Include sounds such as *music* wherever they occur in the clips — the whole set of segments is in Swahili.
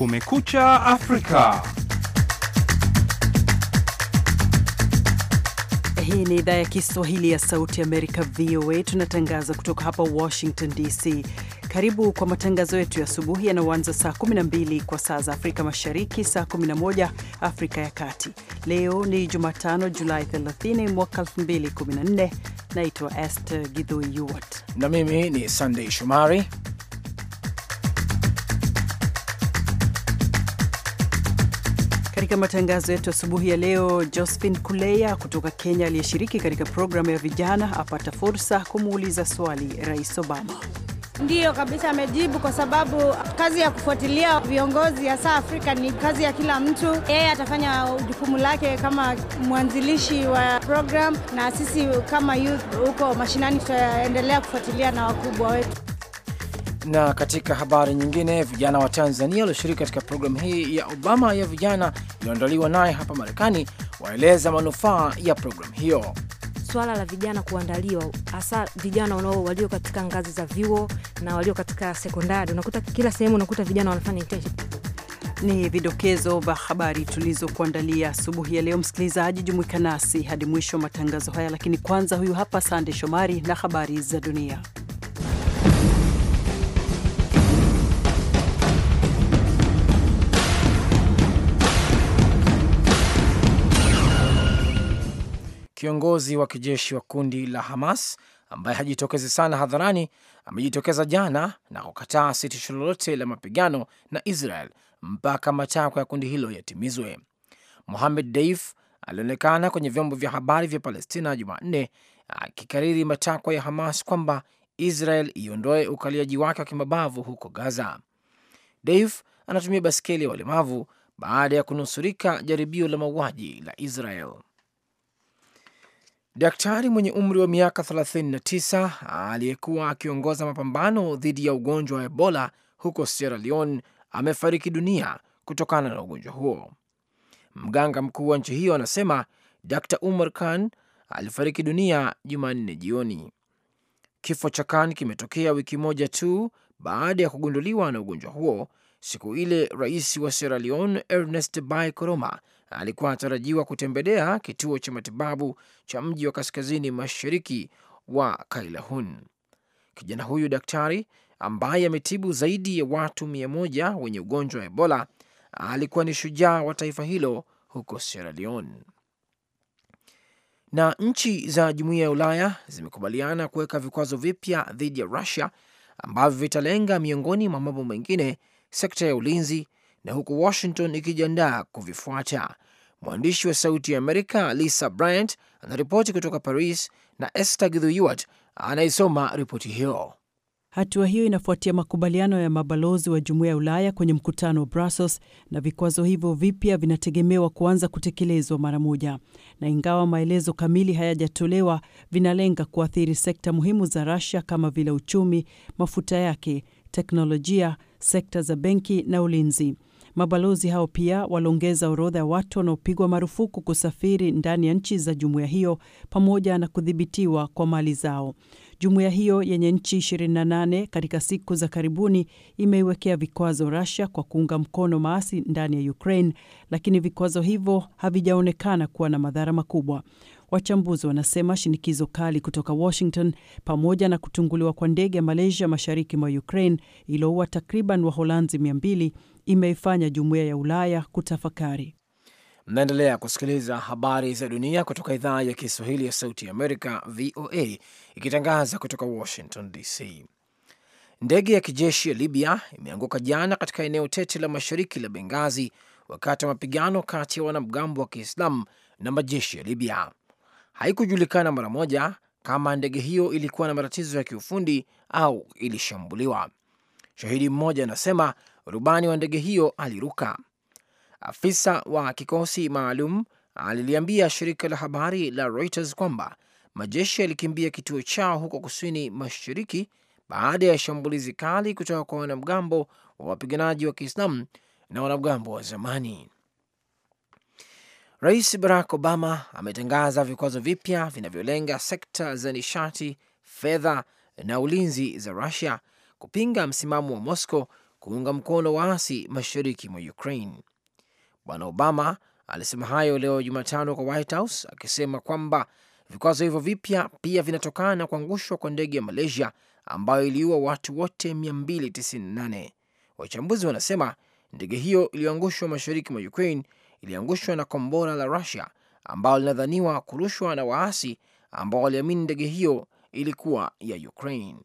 Kumekucha Afrika. Hii ni idhaa ya Kiswahili ya Sauti ya Amerika, VOA. Tunatangaza kutoka hapa Washington DC. Karibu kwa matangazo yetu ya asubuhi yanayoanza saa 12 kwa saa za Afrika Mashariki, saa 11 Afrika ya Kati. Leo ni Jumatano, Julai 30 mwaka 2014. Naitwa Esther Gidhui Yuwat na mimi ni Sandei shomari katika matangazo yetu asubuhi ya leo, Josephine Kuleya kutoka Kenya aliyeshiriki katika programu ya vijana apata fursa kumuuliza swali Rais Obama. Ndiyo kabisa, amejibu kwa sababu kazi ya kufuatilia viongozi hasa Afrika ni kazi ya kila mtu. Yeye atafanya jukumu lake kama mwanzilishi wa program, na sisi kama youth huko mashinani tutaendelea kufuatilia na wakubwa wetu. Na katika habari nyingine, vijana wa Tanzania walioshiriki katika programu hii ya Obama ya vijana iliyoandaliwa naye hapa Marekani waeleza manufaa ya programu hiyo. Swala la vijana kuandaliwa, hasa vijana wanao walio katika ngazi za vyuo na walio katika sekondari, unakuta kila sehemu unakuta vijana wanafanya internship. Ni vidokezo vya habari tulizokuandalia asubuhi ya leo. Msikilizaji, jumuika nasi hadi mwisho wa matangazo haya, lakini kwanza, huyu hapa Sande Shomari na habari za dunia. Kiongozi wa kijeshi wa kundi la Hamas ambaye hajitokezi sana hadharani amejitokeza jana na kukataa sitisho lolote la mapigano na Israel mpaka matakwa ya kundi hilo yatimizwe. Mohamed Deif alionekana kwenye vyombo vya habari vya Palestina Jumanne akikariri matakwa ya Hamas kwamba Israel iondoe ukaliaji wake wa kimabavu huko Gaza. Deif anatumia baskeli ya walemavu baada ya kunusurika jaribio la mauaji la Israel. Daktari mwenye umri wa miaka 39 aliyekuwa akiongoza mapambano dhidi ya ugonjwa wa Ebola huko Sierra Leone amefariki dunia kutokana na ugonjwa huo. Mganga mkuu wa nchi hiyo anasema Dr Umar Khan alifariki dunia Jumanne jioni. Kifo cha Khan kimetokea wiki moja tu baada ya kugunduliwa na ugonjwa huo, siku ile rais wa Sierra Leone Ernest Bai Koroma alikuwa anatarajiwa kutembelea kituo cha matibabu cha mji wa kaskazini mashariki wa Kailahun. Kijana huyu daktari ambaye ametibu zaidi ya watu mia moja wenye ugonjwa wa Ebola alikuwa ni shujaa wa taifa hilo huko Sierra Leone. Na nchi za jumuiya ya Ulaya zimekubaliana kuweka vikwazo vipya dhidi ya Rusia ambavyo vitalenga miongoni mwa mambo mengine sekta ya ulinzi na huku Washington ikijiandaa kuvifuata. Mwandishi wa Sauti ya Amerika Lisa Bryant anaripoti kutoka Paris na Esther Gidhuyuat anayesoma ripoti hiyo. Hatua hiyo inafuatia makubaliano ya mabalozi wa Jumuiya ya Ulaya kwenye mkutano wa Brussels, na vikwazo hivyo vipya vinategemewa kuanza kutekelezwa mara moja, na ingawa maelezo kamili hayajatolewa, vinalenga kuathiri sekta muhimu za Russia kama vile uchumi, mafuta yake, teknolojia, sekta za benki na ulinzi. Mabalozi hao pia waliongeza orodha ya watu wanaopigwa marufuku kusafiri ndani ya nchi za jumuiya hiyo pamoja na kudhibitiwa kwa mali zao. Jumuiya hiyo yenye nchi 28 katika siku za karibuni imeiwekea vikwazo Russia kwa kuunga mkono maasi ndani ya Ukraine, lakini vikwazo hivyo havijaonekana kuwa na madhara makubwa. Wachambuzi wanasema shinikizo kali kutoka Washington pamoja na kutunguliwa kwa ndege ya Malaysia mashariki mwa Ukraine iliyoua takriban Waholanzi 200 imeifanya jumuiya ya Ulaya kutafakari. Mnaendelea kusikiliza habari za dunia kutoka idhaa ya Kiswahili ya Sauti ya Amerika, VOA, ikitangaza kutoka Washington DC. Ndege ya kijeshi ya Libya imeanguka jana katika eneo tete la mashariki la Bengazi wakati wa mapigano kati ya wanamgambo wa Kiislamu na majeshi ya Libya. Haikujulikana mara moja kama ndege hiyo ilikuwa na matatizo ya kiufundi au ilishambuliwa. Shahidi mmoja anasema rubani wa ndege hiyo aliruka. Afisa wa kikosi maalum aliliambia shirika la habari la Reuters kwamba majeshi yalikimbia kituo chao huko kusini mashariki baada ya shambulizi kali kutoka kwa wanamgambo wa wapiganaji wa Kiislamu na wanamgambo wa zamani. Rais Barack Obama ametangaza vikwazo vipya vinavyolenga sekta za nishati, fedha na ulinzi za Rusia kupinga msimamo wa Moscow kuunga mkono waasi mashariki mwa Ukraine. Bwana Obama alisema hayo leo Jumatano kwa White House akisema kwamba vikwazo hivyo vipya pia vinatokana na kuangushwa kwa ndege ya Malaysia ambayo iliua watu wote 298. Wachambuzi wanasema ndege hiyo iliyoangushwa mashariki mwa Ukraine iliangushwa na kombora la Rusia ambalo linadhaniwa kurushwa na waasi ambao waliamini ndege hiyo ilikuwa ya Ukraine.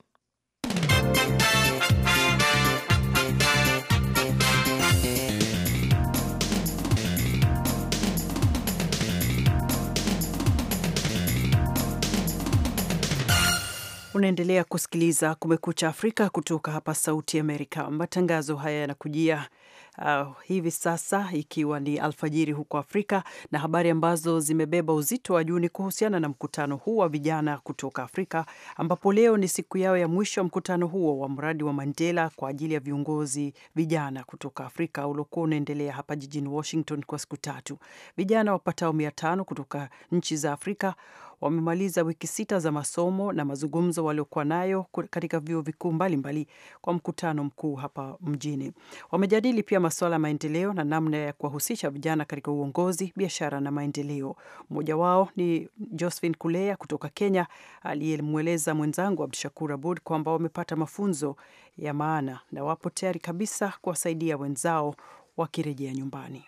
Unaendelea kusikiliza Kumekucha Afrika kutoka hapa Sauti Amerika. Matangazo haya yanakujia uh, hivi sasa ikiwa ni alfajiri huko Afrika, na habari ambazo zimebeba uzito wa juu ni kuhusiana na mkutano huu wa vijana kutoka Afrika, ambapo leo ni siku yao ya mwisho wa mkutano huo wa mradi wa Mandela kwa ajili ya viongozi vijana kutoka Afrika uliokuwa unaendelea hapa jijini Washington kwa siku tatu. Vijana wapatao mia tano kutoka nchi za Afrika wamemaliza wiki sita za masomo na mazungumzo waliokuwa nayo katika vyuo vikuu mbalimbali kwa mkutano mkuu hapa mjini. Wamejadili pia masuala ya maendeleo na namna ya kuwahusisha vijana katika uongozi, biashara na maendeleo. Mmoja wao ni Josephine Kulea kutoka Kenya aliyemweleza mwenzangu Abdushakur Abud kwamba wamepata mafunzo ya maana na wapo tayari kabisa kuwasaidia wenzao wakirejea nyumbani.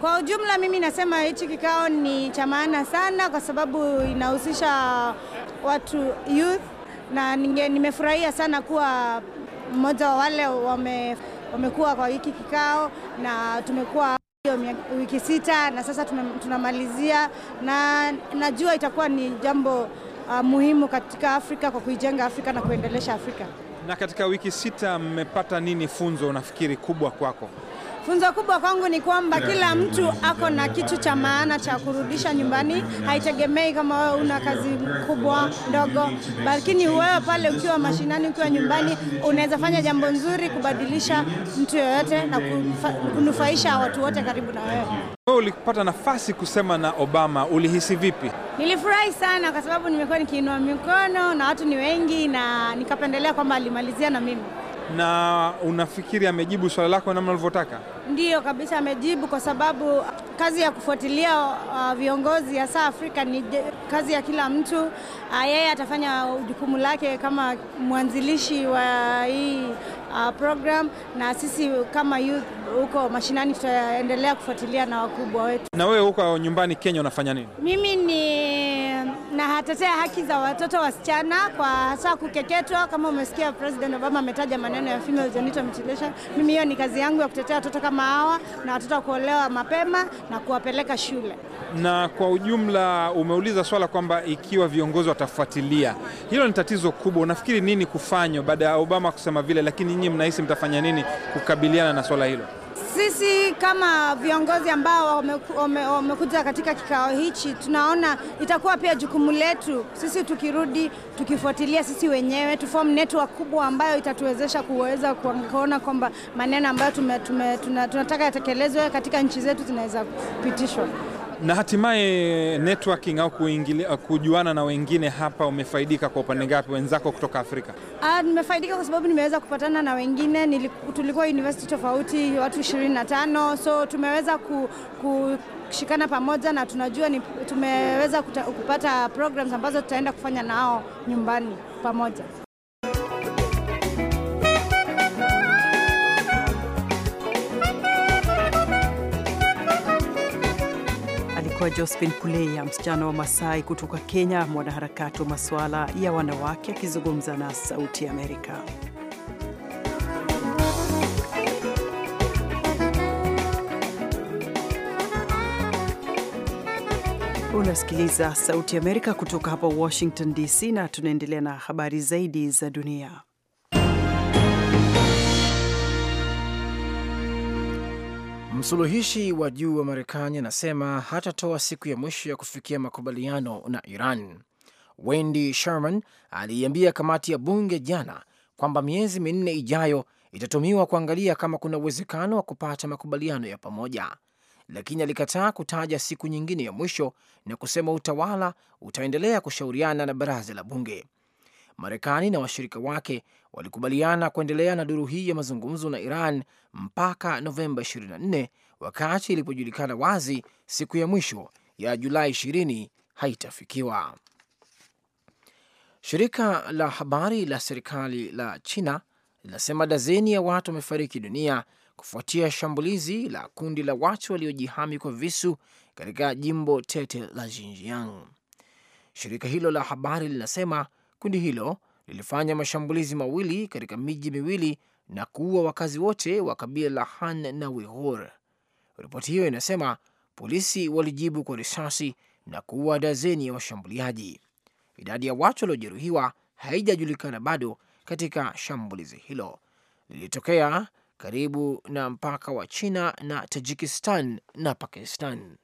Kwa ujumla mimi nasema hichi kikao ni cha maana sana, kwa sababu inahusisha watu youth, na nimefurahia sana kuwa mmoja wa wale wame, wamekuwa kwa hiki kikao, na tumekuwa hiyo wiki sita na sasa tunamalizia, na najua itakuwa ni jambo uh, muhimu katika Afrika kwa kuijenga Afrika na kuendelesha Afrika. Na katika wiki sita mmepata nini funzo unafikiri kubwa kwako? Funzo kubwa kwangu ni kwamba kila mtu ako na kitu cha maana cha kurudisha nyumbani. Haitegemei kama wewe una kazi kubwa ndogo, lakini wewe pale ukiwa mashinani, ukiwa nyumbani, unaweza fanya jambo nzuri kubadilisha mtu yoyote na kunufaisha watu wote karibu na wewe. Wewe ulipata nafasi kusema na Obama, ulihisi vipi? Nilifurahi sana kwa sababu nimekuwa nikiinua mikono na watu ni wengi, na nikapendelea kwamba alimalizia na mimi. Na unafikiri amejibu swala lako namna ulivyotaka? Ndiyo kabisa, amejibu kwa sababu kazi ya kufuatilia uh, viongozi hasa Afrika ni kazi ya kila mtu uh, yeye atafanya jukumu lake kama mwanzilishi wa hii uh, program na sisi kama youth huko mashinani tutaendelea kufuatilia na wakubwa wetu. Na wewe huko nyumbani Kenya unafanya nini? Mimi ni nahatetea haki za watoto wasichana kwa hasa kukeketwa. Kama umesikia President Obama ametaja maneno ya female genital mutilation, mimi hiyo ni kazi yangu ya kutetea watoto kama hawa na watoto wa kuolewa mapema na kuwapeleka shule. Na kwa ujumla, umeuliza swala kwamba ikiwa viongozi watafuatilia hilo, ni tatizo kubwa. Unafikiri nini kufanywa baada ya Obama kusema vile, lakini nyinyi mnahisi mtafanya nini kukabiliana na swala hilo? Sisi kama viongozi ambao wamekuja ome, katika kikao hichi, tunaona itakuwa pia jukumu letu sisi tukirudi, tukifuatilia sisi wenyewe tuform network kubwa ambayo itatuwezesha kuweza kuona kwamba maneno ambayo tume, tume, tunataka yatekelezwe katika nchi zetu zinaweza kupitishwa. Na hatimaye networking au kuingilia, kujuana na wengine hapa, umefaidika kwa upande ngapi wenzako kutoka Afrika? Ah, nimefaidika kwa sababu nimeweza kupatana na wengine tulikuwa university tofauti watu 25 so tumeweza ku, ku kushikana pamoja na tunajua ni, tumeweza kuta, kupata programs ambazo tutaenda kufanya nao nyumbani pamoja. kwa Jospin Kuleya, msichana wa Masai kutoka Kenya, mwanaharakati wa masuala ya wanawake, akizungumza na Sauti ya Amerika. Unasikiliza Sauti ya Amerika kutoka hapa Washington DC, na tunaendelea na habari zaidi za dunia. Msuluhishi wa juu wa Marekani anasema hatatoa siku ya mwisho ya kufikia makubaliano na Iran. Wendy Sherman aliiambia kamati ya bunge jana kwamba miezi minne ijayo itatumiwa kuangalia kama kuna uwezekano wa kupata makubaliano ya pamoja, lakini alikataa kutaja siku nyingine ya mwisho na kusema utawala utaendelea kushauriana na baraza la bunge. Marekani na washirika wake walikubaliana kuendelea na duru hii ya mazungumzo na Iran mpaka Novemba 24 wakati ilipojulikana wazi siku ya mwisho ya Julai 20 haitafikiwa. Shirika la habari la serikali la China linasema dazeni ya watu wamefariki dunia kufuatia shambulizi la kundi la watu waliojihami kwa visu katika jimbo tete la Xinjiang. Shirika hilo la habari linasema kundi hilo lilifanya mashambulizi mawili katika miji miwili na kuua wakazi wote wa kabila la Han na Uighur. Ripoti hiyo inasema polisi walijibu kwa risasi na kuua dazeni ya washambuliaji. Idadi ya watu waliojeruhiwa haijajulikana bado katika shambulizi hilo. Lilitokea karibu na mpaka wa China na Tajikistan na Pakistan.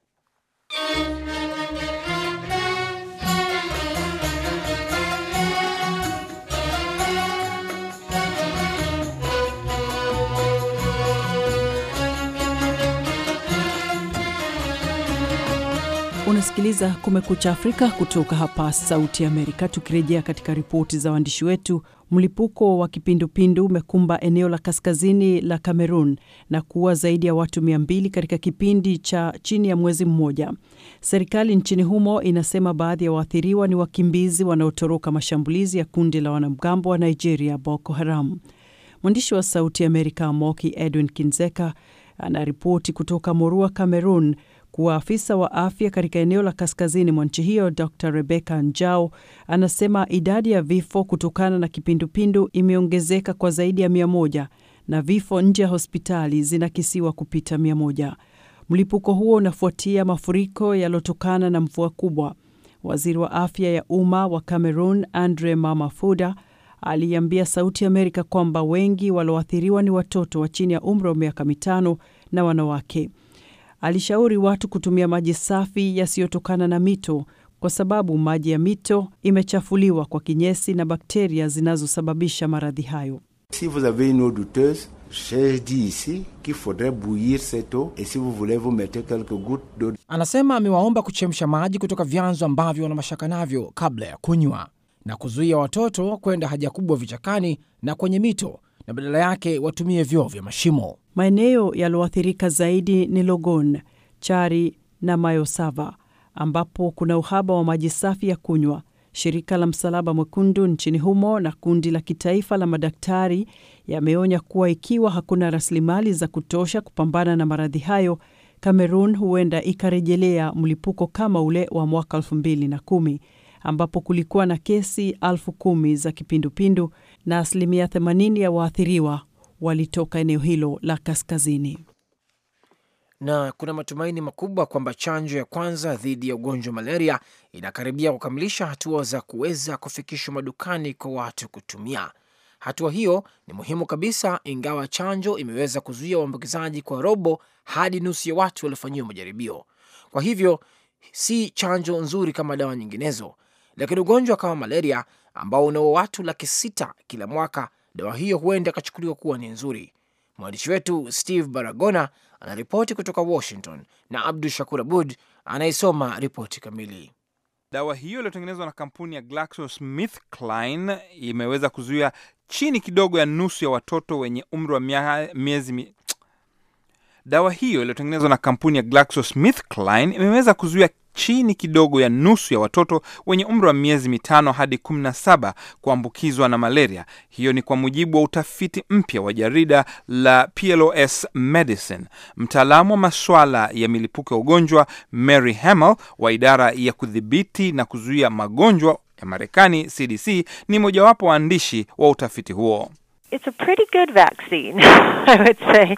Unasikiliza Kumekucha Afrika kutoka hapa Sauti ya Amerika. Tukirejea katika ripoti za waandishi wetu, mlipuko wa kipindupindu umekumba eneo la kaskazini la cameron na kuwa zaidi ya watu 20 katika kipindi cha chini ya mwezi mmoja. Serikali nchini humo inasema baadhi ya waathiriwa ni wakimbizi wanaotoroka mashambulizi ya kundi la wanamgambo wa Nigeria, Boko Haram. Mwandishi wa Sauti Amerika Moki Edwin Kinzeka anaripoti kutoka Morua, cameron kuwa afisa wa afya katika eneo la kaskazini mwa nchi hiyo Dr. Rebecca njao anasema idadi ya vifo kutokana na kipindupindu imeongezeka kwa zaidi ya mia moja na vifo nje ya hospitali zinakisiwa kupita mia moja. Mlipuko huo unafuatia mafuriko yaliyotokana na mvua kubwa. Waziri wa afya ya umma wa Cameroon Andre Mamafuda aliiambia Sauti ya Amerika kwamba wengi walioathiriwa ni watoto wa chini ya umri wa miaka mitano na wanawake. Alishauri watu kutumia maji safi yasiyotokana na mito kwa sababu maji ya mito imechafuliwa kwa kinyesi na bakteria zinazosababisha maradhi hayo. Si vous avez une eau douteuse, dit ici qu'il faudrait bouillir cette eau et si vous voulez vous mettez quelques gouttes d'eau. Anasema amewaomba kuchemsha maji kutoka vyanzo ambavyo wana mashaka navyo kabla ya kunywa na kuzuia watoto kwenda haja kubwa vichakani na kwenye mito na badala yake watumie vyoo vya mashimo. Maeneo yaliyoathirika zaidi ni Logon, Chari na Mayosava, ambapo kuna uhaba wa maji safi ya kunywa. Shirika la Msalaba Mwekundu nchini humo na kundi la kitaifa la madaktari yameonya kuwa ikiwa hakuna rasilimali za kutosha kupambana na maradhi hayo, Kamerun huenda ikarejelea mlipuko kama ule wa mwaka 2010 ambapo kulikuwa na kesi elfu kumi za kipindupindu na asilimia 80 ya waathiriwa walitoka eneo hilo la kaskazini. Na kuna matumaini makubwa kwamba chanjo ya kwanza dhidi ya ugonjwa wa malaria inakaribia kukamilisha hatua za kuweza kufikishwa madukani kwa watu kutumia. Hatua hiyo ni muhimu kabisa, ingawa chanjo imeweza kuzuia uambukizaji kwa robo hadi nusu ya watu waliofanyiwa majaribio. Kwa hivyo si chanjo nzuri kama dawa nyinginezo, lakini ugonjwa kama malaria ambao unaua watu laki sita kila mwaka, dawa hiyo huenda ikachukuliwa kuwa ni nzuri. Mwandishi wetu Steve Baragona anaripoti kutoka Washington na Abdu Shakur Abud anayesoma ripoti kamili. Dawa hiyo iliyotengenezwa na kampuni ya GlaxoSmithKline imeweza kuzuia chini kidogo ya nusu ya watoto wenye umri wa miezi mi... Dawa hiyo iliyotengenezwa na kampuni ya GlaxoSmithKline imeweza kuzuia chini kidogo ya nusu ya watoto wenye umri wa miezi mitano hadi 17 kuambukizwa na malaria. Hiyo ni kwa mujibu wa utafiti mpya wa jarida la PLOS Medicine. Mtaalamu wa maswala ya milipuko ya ugonjwa Mary Hamel wa idara ya kudhibiti na kuzuia magonjwa ya Marekani, CDC, ni mojawapo waandishi wa utafiti huo. It's a pretty good vaccine, *laughs* I would say.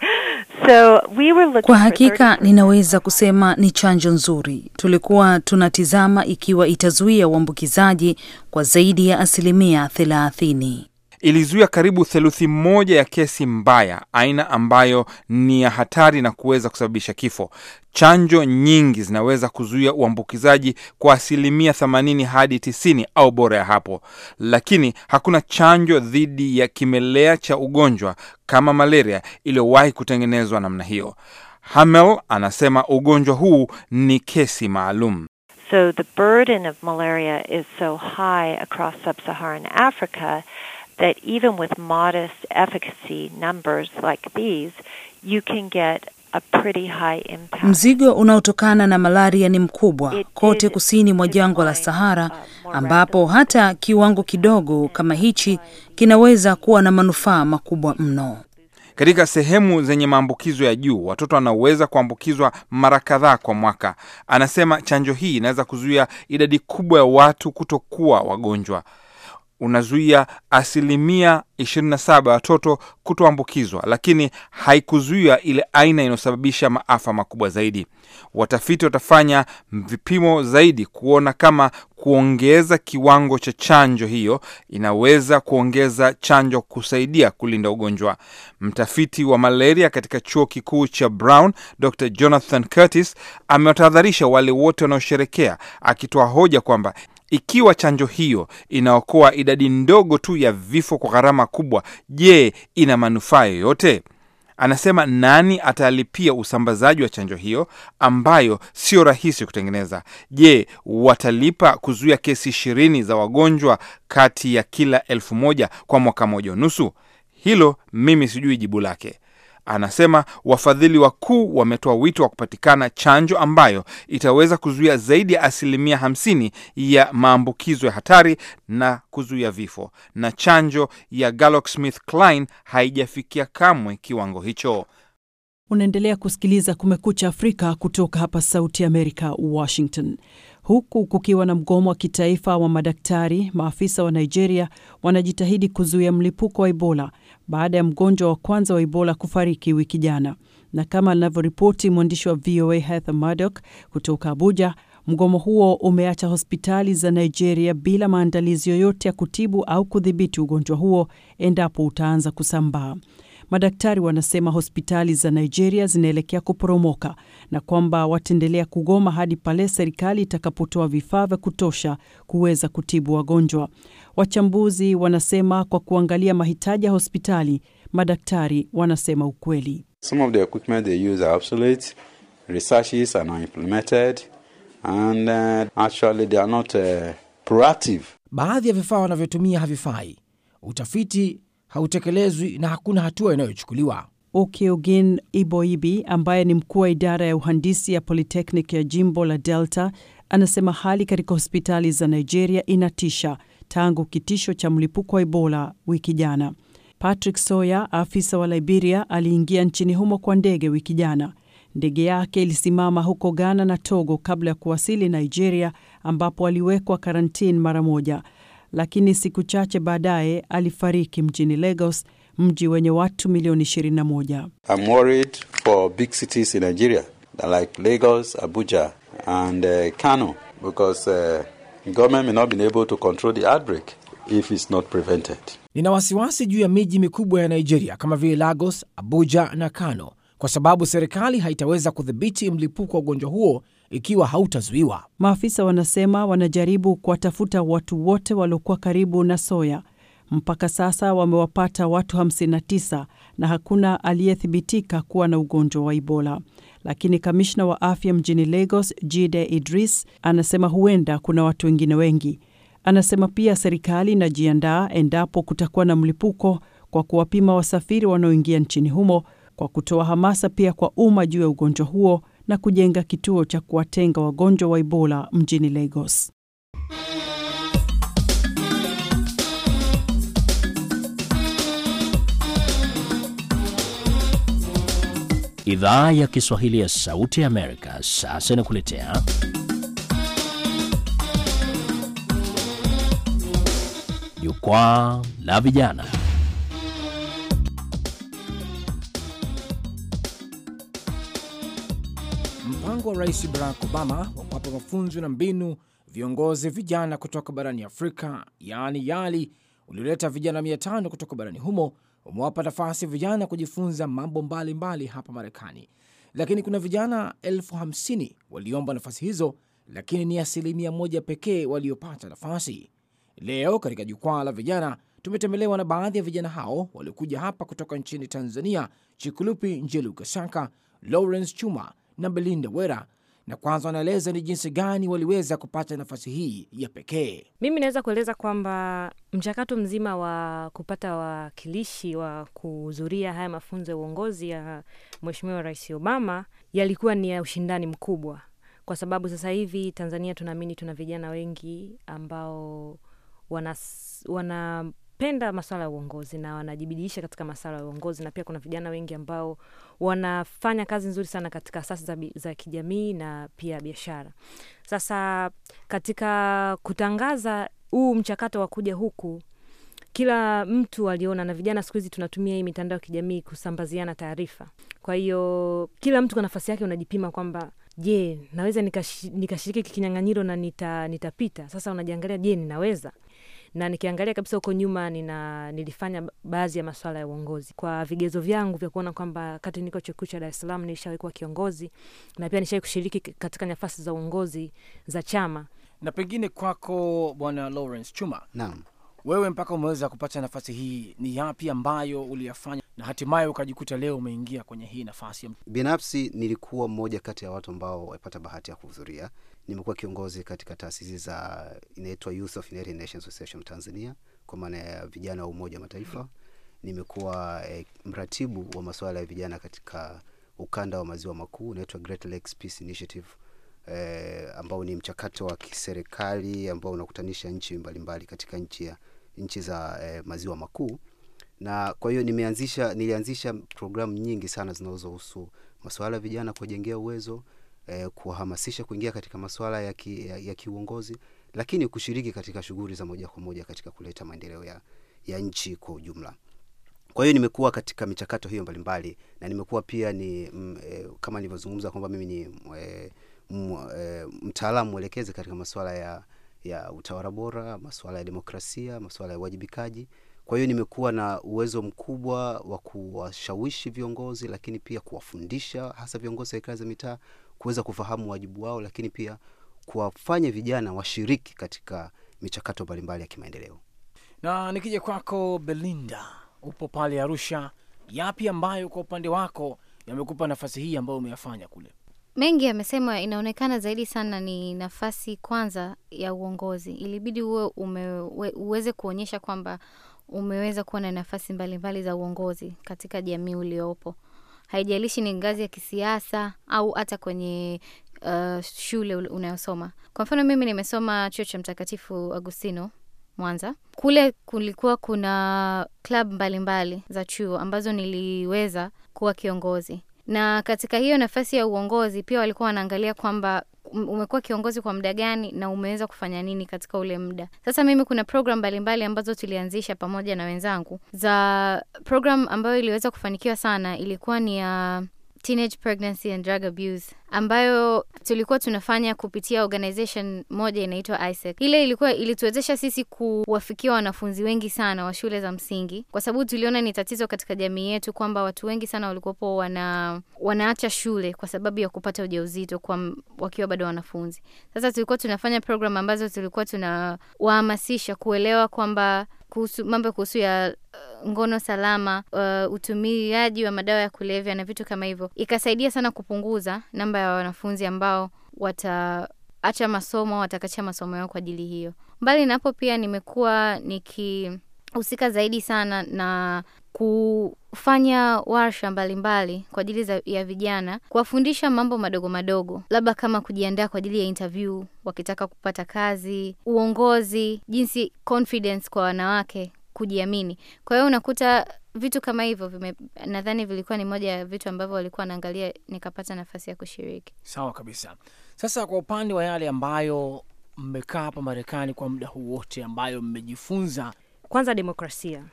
Kwa hakika ninaweza kusema ni chanjo nzuri. Tulikuwa tunatizama ikiwa itazuia uambukizaji kwa zaidi ya asilimia thelathini ilizuia karibu theluthi moja ya kesi mbaya, aina ambayo ni ya hatari na kuweza kusababisha kifo. Chanjo nyingi zinaweza kuzuia uambukizaji kwa asilimia 80 hadi 90 au bora ya hapo, lakini hakuna chanjo dhidi ya kimelea cha ugonjwa kama malaria iliyowahi kutengenezwa namna hiyo. Hamel anasema ugonjwa huu ni kesi maalum. So the burden of malaria is so high across sub-Saharan Africa that even with modest efficacy numbers like these, you can get a pretty high impact. Mzigo unaotokana na malaria ni mkubwa kote kusini mwa jangwa la Sahara, uh, ambapo hata kiwango kidogo kama hichi kinaweza kuwa na manufaa makubwa mno. Katika sehemu zenye maambukizo ya juu watoto wanaweza kuambukizwa mara kadhaa kwa mwaka. Anasema chanjo hii inaweza kuzuia idadi kubwa ya watu kutokuwa wagonjwa unazuia asilimia 27 ya watoto kutoambukizwa, lakini haikuzuia ile aina inayosababisha maafa makubwa zaidi. Watafiti watafanya vipimo zaidi kuona kama kuongeza kiwango cha chanjo hiyo inaweza kuongeza chanjo kusaidia kulinda ugonjwa. Mtafiti wa malaria katika chuo kikuu cha Brown, Dr Jonathan Curtis amewatahadharisha wale wote wanaosherekea, akitoa hoja kwamba ikiwa chanjo hiyo inaokoa idadi ndogo tu ya vifo kwa gharama kubwa, je, ina manufaa yoyote? Anasema nani atalipia usambazaji wa chanjo hiyo ambayo sio rahisi kutengeneza? Je, watalipa kuzuia kesi ishirini za wagonjwa kati ya kila elfu moja kwa mwaka moja unusu? Hilo mimi sijui jibu lake. Anasema wafadhili wakuu wametoa wito wa kupatikana chanjo ambayo itaweza kuzuia zaidi ya asilimia hamsini ya maambukizo ya hatari na kuzuia vifo, na chanjo ya GlaxoSmithKline haijafikia kamwe kiwango hicho. Unaendelea kusikiliza Kumekucha Afrika kutoka hapa Sauti ya Amerika, Washington huku kukiwa na mgomo wa kitaifa wa madaktari. Maafisa wa Nigeria wanajitahidi kuzuia mlipuko wa Ebola baada ya mgonjwa wa kwanza wa Ebola kufariki wiki jana, na kama anavyoripoti mwandishi wa VOA Heather Murdock kutoka Abuja, mgomo huo umeacha hospitali za Nigeria bila maandalizi yoyote ya kutibu au kudhibiti ugonjwa huo endapo utaanza kusambaa madaktari wanasema hospitali za Nigeria zinaelekea kuporomoka na kwamba wataendelea kugoma hadi pale serikali itakapotoa vifaa vya kutosha kuweza kutibu wagonjwa. Wachambuzi wanasema kwa kuangalia mahitaji ya hospitali, madaktari wanasema ukweli. Some of the equipment they use are obsolete, researches are not implemented and uh, actually they are not uh, proactive. Baadhi ya vifaa wanavyotumia havifai, utafiti hautekelezwi na hakuna hatua inayochukuliwa. Okeogen Iboibi ambaye ni mkuu wa idara ya uhandisi ya Polytechnic ya jimbo la Delta anasema hali katika hospitali za Nigeria inatisha tangu kitisho cha mlipuko wa Ebola wiki jana. Patrick Sawyer, afisa wa Liberia, aliingia nchini humo kwa ndege wiki jana. Ndege yake ilisimama huko Ghana na Togo kabla ya kuwasili Nigeria, ambapo aliwekwa karantini mara moja lakini siku chache baadaye alifariki mjini Lagos, mji wenye watu milioni 21. I'm worried for big cities in Nigeria like Lagos, Abuja and uh, Kano because uh, government may not be able to control the outbreak if it's not prevented. Nina wasiwasi juu ya miji mikubwa ya Nigeria kama vile Lagos, Abuja na Kano kwa sababu serikali haitaweza kudhibiti mlipuko wa ugonjwa huo ikiwa hautazuiwa. Maafisa wanasema wanajaribu kuwatafuta watu wote waliokuwa karibu na soya Mpaka sasa wamewapata watu 59 na hakuna aliyethibitika kuwa na ugonjwa wa Ebola, lakini kamishna wa afya mjini Lagos, Jide Idris, anasema huenda kuna watu wengine wengi. Anasema pia serikali inajiandaa endapo kutakuwa na mlipuko kwa kuwapima wasafiri wanaoingia nchini humo, kwa kutoa hamasa pia kwa umma juu ya ugonjwa huo na kujenga kituo cha kuwatenga wagonjwa wa Ebola mjini Lagos. Idhaa ya Kiswahili ya Sauti ya Amerika sasa inakuletea Jukwaa la Vijana. mpango wa Rais Barack Obama wa kuwapa mafunzo na mbinu viongozi vijana kutoka barani Afrika, yaani YALI, ulioleta vijana 5 kutoka barani humo umewapa nafasi vijana kujifunza mambo mbalimbali mbali hapa Marekani, lakini kuna vijana 50 waliomba nafasi hizo, lakini ni asilimia moja pekee waliopata nafasi. Leo katika jukwaa la vijana tumetembelewa na baadhi ya vijana hao waliokuja hapa kutoka nchini Tanzania: Chikulupi Njelu Kasaka, Lawrence Chuma na Belinda Wera na kwanza wanaeleza ni jinsi gani waliweza kupata nafasi hii ya pekee. Mimi naweza kueleza kwamba mchakato mzima wa kupata wakilishi wa kuhudhuria haya mafunzo ya uongozi ya Mheshimiwa Rais Obama yalikuwa ni ya ushindani mkubwa, kwa sababu sasa hivi Tanzania tunaamini tuna vijana wengi ambao wana, wana wanapenda masuala ya uongozi na wanajibidiisha katika masuala ya uongozi, na pia kuna vijana wengi ambao wanafanya kazi nzuri sana katika asasi za, za kijamii na pia biashara. Sasa katika kutangaza huu mchakato wa kuja huku kila mtu aliona, na vijana siku hizi tunatumia hii mitandao ya kijamii kusambaziana taarifa. Kwa hiyo kila mtu kwa nafasi yake unajipima kwamba je, naweza nikashiriki kinyang'anyiro na nita, nitapita. Sasa unajiangalia, je, ninaweza? na nikiangalia kabisa huko nyuma nina, nilifanya baadhi ya maswala ya uongozi kwa vigezo vyangu vya kuona kwamba kati niko chuo kikuu cha dares salam Salaam nilishawai kuwa kiongozi na pia nishawai kushiriki katika nafasi za uongozi za chama. Na pengine kwako Bwana Lawrence Chuma, naam, wewe mpaka umeweza kupata nafasi hii, ni yapi ambayo uliyafanya na hatimaye ukajikuta leo umeingia kwenye hii nafasi? Binafsi nilikuwa mmoja kati ya watu ambao wapata bahati ya kuhudhuria nimekuwa kiongozi katika taasisi za inaitwa Youth of United Nations Association Tanzania kwa maana ya vijana wa Umoja Mataifa. Nimekuwa eh, mratibu wa masuala ya vijana katika ukanda wa maziwa makuu unaitwa Great Lakes Peace Initiative eh, ambao ni mchakato wa kiserikali ambao unakutanisha nchi mbalimbali mbali katika nchi ya nchi za eh, maziwa makuu na kwa hiyo nimeanzisha nilianzisha programu nyingi sana zinazohusu masuala ya vijana kujengea uwezo eh, kuwahamasisha kuingia katika masuala ya, ki, ya, ya kiuongozi, lakini kushiriki katika shughuli za moja kwa moja katika kuleta maendeleo ya, ya nchi kwa ujumla. Kwa hiyo nimekuwa katika michakato hiyo mbalimbali na nimekuwa pia ni m, mm, e, eh, kama nilivyozungumza kwamba mimi ni e, e, mtaalamu mwelekezi katika masuala ya, ya utawala bora, masuala ya demokrasia, masuala ya uwajibikaji. Kwa hiyo nimekuwa na uwezo mkubwa wa kuwashawishi viongozi, lakini pia kuwafundisha hasa viongozi serikali za mitaa kuweza kufahamu wajibu wao, lakini pia kuwafanya vijana washiriki katika michakato mbalimbali ya kimaendeleo. Na nikija kwako Belinda, upo pale Arusha, yapi ambayo kwa upande wako yamekupa nafasi hii ambayo umeyafanya kule? Mengi yamesema, inaonekana zaidi sana ni nafasi kwanza ya uongozi. Ilibidi uwe umewe, uweze kuonyesha kwamba umeweza kuwa na nafasi mbalimbali mbali za uongozi katika jamii uliopo haijalishi ni ngazi ya kisiasa au hata kwenye uh, shule unayosoma. Kwa mfano, mimi nimesoma chuo cha Mtakatifu Agustino Mwanza. Kule kulikuwa kuna klabu mbalimbali za chuo ambazo niliweza kuwa kiongozi, na katika hiyo nafasi ya uongozi pia walikuwa wanaangalia kwamba Um, umekuwa kiongozi kwa muda gani na umeweza kufanya nini katika ule muda. Sasa mimi kuna program mbalimbali ambazo tulianzisha pamoja na wenzangu za program ambayo iliweza kufanikiwa sana ilikuwa ni ya uh, teenage pregnancy and drug abuse ambayo tulikuwa tunafanya kupitia organization moja inaitwa ISEC. Ile ilikuwa ilituwezesha sisi kuwafikia wanafunzi wengi sana wa shule za msingi, kwa sababu tuliona ni tatizo katika jamii yetu kwamba watu wengi sana walikuwapo wana wanaacha shule kwa sababu ya kupata ujauzito kwa wakiwa bado wanafunzi. Sasa tulikuwa tunafanya program ambazo tulikuwa tunawahamasisha kuelewa kwamba kuhusu mambo kuhusu ya uh, ngono salama uh, utumiaji wa madawa ya kulevya na vitu kama hivyo, ikasaidia sana kupunguza namba ya wanafunzi ambao wataacha masomo au masomo yao kwa ajili hiyo. Mbali na hapo, pia nimekuwa nikihusika zaidi sana na kufanya warsha mbalimbali kwa ajili ya vijana, kuwafundisha mambo madogo madogo, labda kama kujiandaa kwa ajili ya interview wakitaka kupata kazi, uongozi, jinsi confidence kwa wanawake, kujiamini. Kwa hiyo unakuta vitu kama hivyo vime, nadhani vilikuwa ni moja ya vitu ambavyo walikuwa wanaangalia, nikapata nafasi ya kushiriki. Sawa kabisa. Sasa kwa upande wa yale ambayo mmekaa hapa Marekani kwa muda huu wote, ambayo mmejifunza, kwanza demokrasia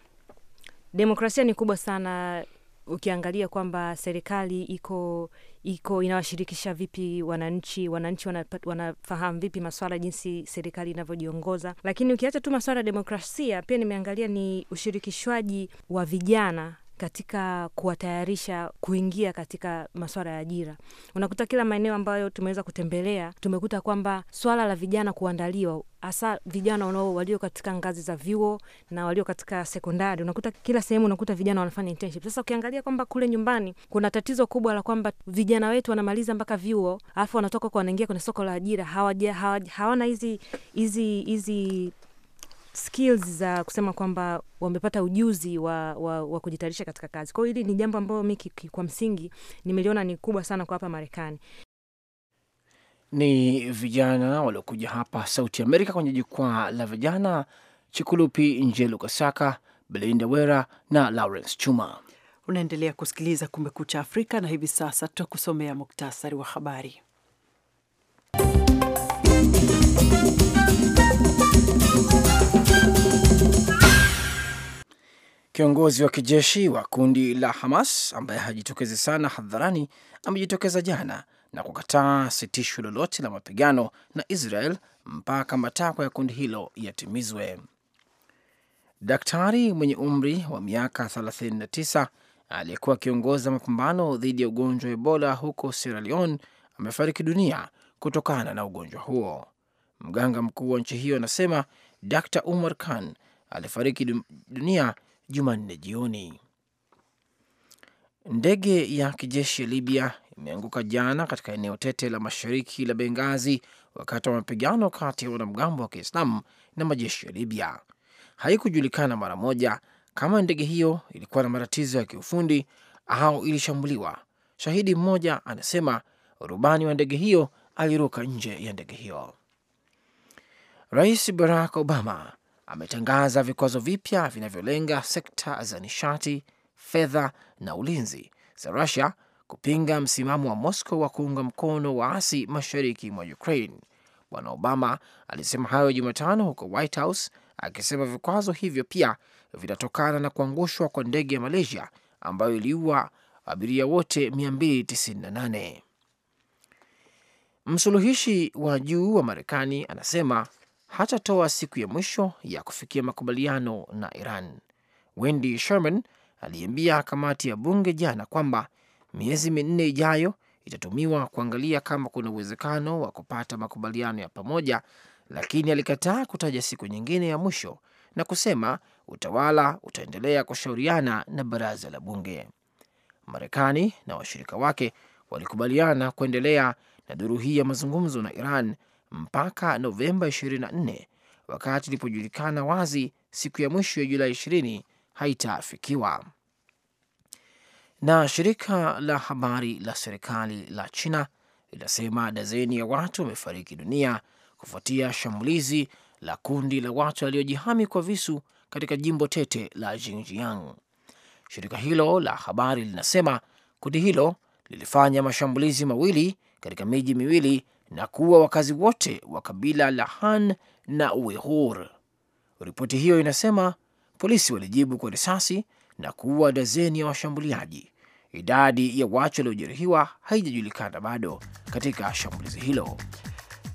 demokrasia ni kubwa sana ukiangalia kwamba serikali iko iko inawashirikisha vipi wananchi, wananchi wanafahamu vipi maswala jinsi serikali inavyojiongoza. Lakini ukiacha tu maswala ya demokrasia, pia nimeangalia ni ushirikishwaji wa vijana katika kuwatayarisha kuingia katika maswala ya ajira. Unakuta kila maeneo ambayo tumeweza kutembelea, tumekuta kwamba swala la vijana kuandaliwa hasa vijana wanao walio katika ngazi za vyuo na walio katika sekondari, unakuta kila sehemu unakuta vijana wanafanya internship. Sasa ukiangalia kwamba kule nyumbani kuna tatizo kubwa la kwamba vijana wetu wanamaliza mpaka vyuo, alafu wanatoka kwa wanaingia kwenye soko la ajira, hawaja hawana hizi hizi hizi skills za kusema kwamba wamepata ujuzi wa, wa, wa kujitayarisha katika kazi. kwao. hili ni jambo ambayo mi kwa msingi nimeliona ni kubwa sana kwa hapa Marekani. Ni vijana waliokuja hapa Sauti Amerika kwenye jukwaa la vijana, Chikulupi Njelu Kasaka, Belinda Wera na Lawrence Chuma. Unaendelea kusikiliza Kumekucha Afrika na hivi sasa tutakusomea muktasari wa habari. Kiongozi wa kijeshi wa kundi la Hamas ambaye hajitokezi sana hadharani amejitokeza jana na kukataa sitisho lolote la mapigano na Israel mpaka matakwa ya kundi hilo yatimizwe. Daktari mwenye umri wa miaka 39 aliyekuwa akiongoza mapambano dhidi ya ugonjwa wa Ebola huko Sierra Leone amefariki dunia kutokana na ugonjwa huo. Mganga mkuu wa nchi hiyo anasema Dr Umar Khan alifariki dunia Jumanne jioni. Ndege ya kijeshi ya Libya imeanguka jana katika eneo tete la mashariki la Bengazi wakati wa mapigano kati ya wanamgambo wa Kiislamu na majeshi ya Libya. Haikujulikana mara moja kama ndege hiyo ilikuwa na matatizo ya kiufundi au ilishambuliwa. Shahidi mmoja anasema rubani wa ndege hiyo aliruka nje ya ndege hiyo. Rais Barack Obama ametangaza vikwazo vipya vinavyolenga sekta za nishati, fedha na ulinzi za Rusia kupinga msimamo wa Moscow wa kuunga mkono waasi mashariki mwa Ukraine. Bwana Obama alisema hayo Jumatano huko White House, akisema vikwazo hivyo pia vinatokana na kuangushwa kwa ndege ya Malaysia ambayo iliua abiria wote 298. Msuluhishi wa juu wa Marekani anasema hatatoa siku ya mwisho ya kufikia makubaliano na Iran. Wendy Sherman aliambia kamati ya bunge jana kwamba miezi minne ijayo itatumiwa kuangalia kama kuna uwezekano wa kupata makubaliano ya pamoja, lakini alikataa kutaja siku nyingine ya mwisho na kusema utawala utaendelea kushauriana na baraza la bunge. Marekani na washirika wake walikubaliana kuendelea na duru hii ya mazungumzo na Iran mpaka Novemba 24 wakati ilipojulikana wazi siku ya mwisho ya Julai 20 haitafikiwa. Na shirika la habari la serikali la China linasema dazeni ya watu wamefariki dunia kufuatia shambulizi la kundi la watu waliojihami kwa visu katika jimbo tete la Xinjiang. Shirika hilo la habari linasema kundi hilo lilifanya mashambulizi mawili katika miji miwili na kuwa wakazi wote wa kabila la Han na Uehur. Ripoti hiyo inasema polisi walijibu kwa risasi na kuua dazeni ya washambuliaji. Idadi ya watu waliojeruhiwa haijajulikana bado katika shambulizi hilo.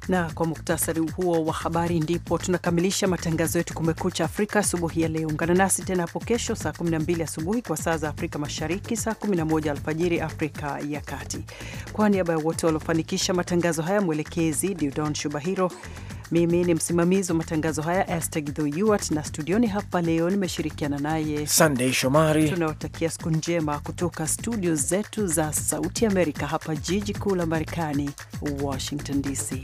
Na kwa muktasari huo wa habari, ndipo tunakamilisha matangazo yetu Kumekucha Afrika asubuhi ya leo. Ungana nasi tena hapo kesho saa 12 asubuhi kwa saa za Afrika Mashariki, saa 11 alfajiri Afrika ya Kati. Kwa niaba ya wote waliofanikisha matangazo haya, mwelekezi Diudon Shubahiro. Mimi ni msimamizi wa matangazo haya Esther yuart na studioni hapa leo nimeshirikiana naye sandey Shomari. Tunawatakia siku njema kutoka studio zetu za Sauti Amerika hapa jiji kuu la Marekani, Washington DC.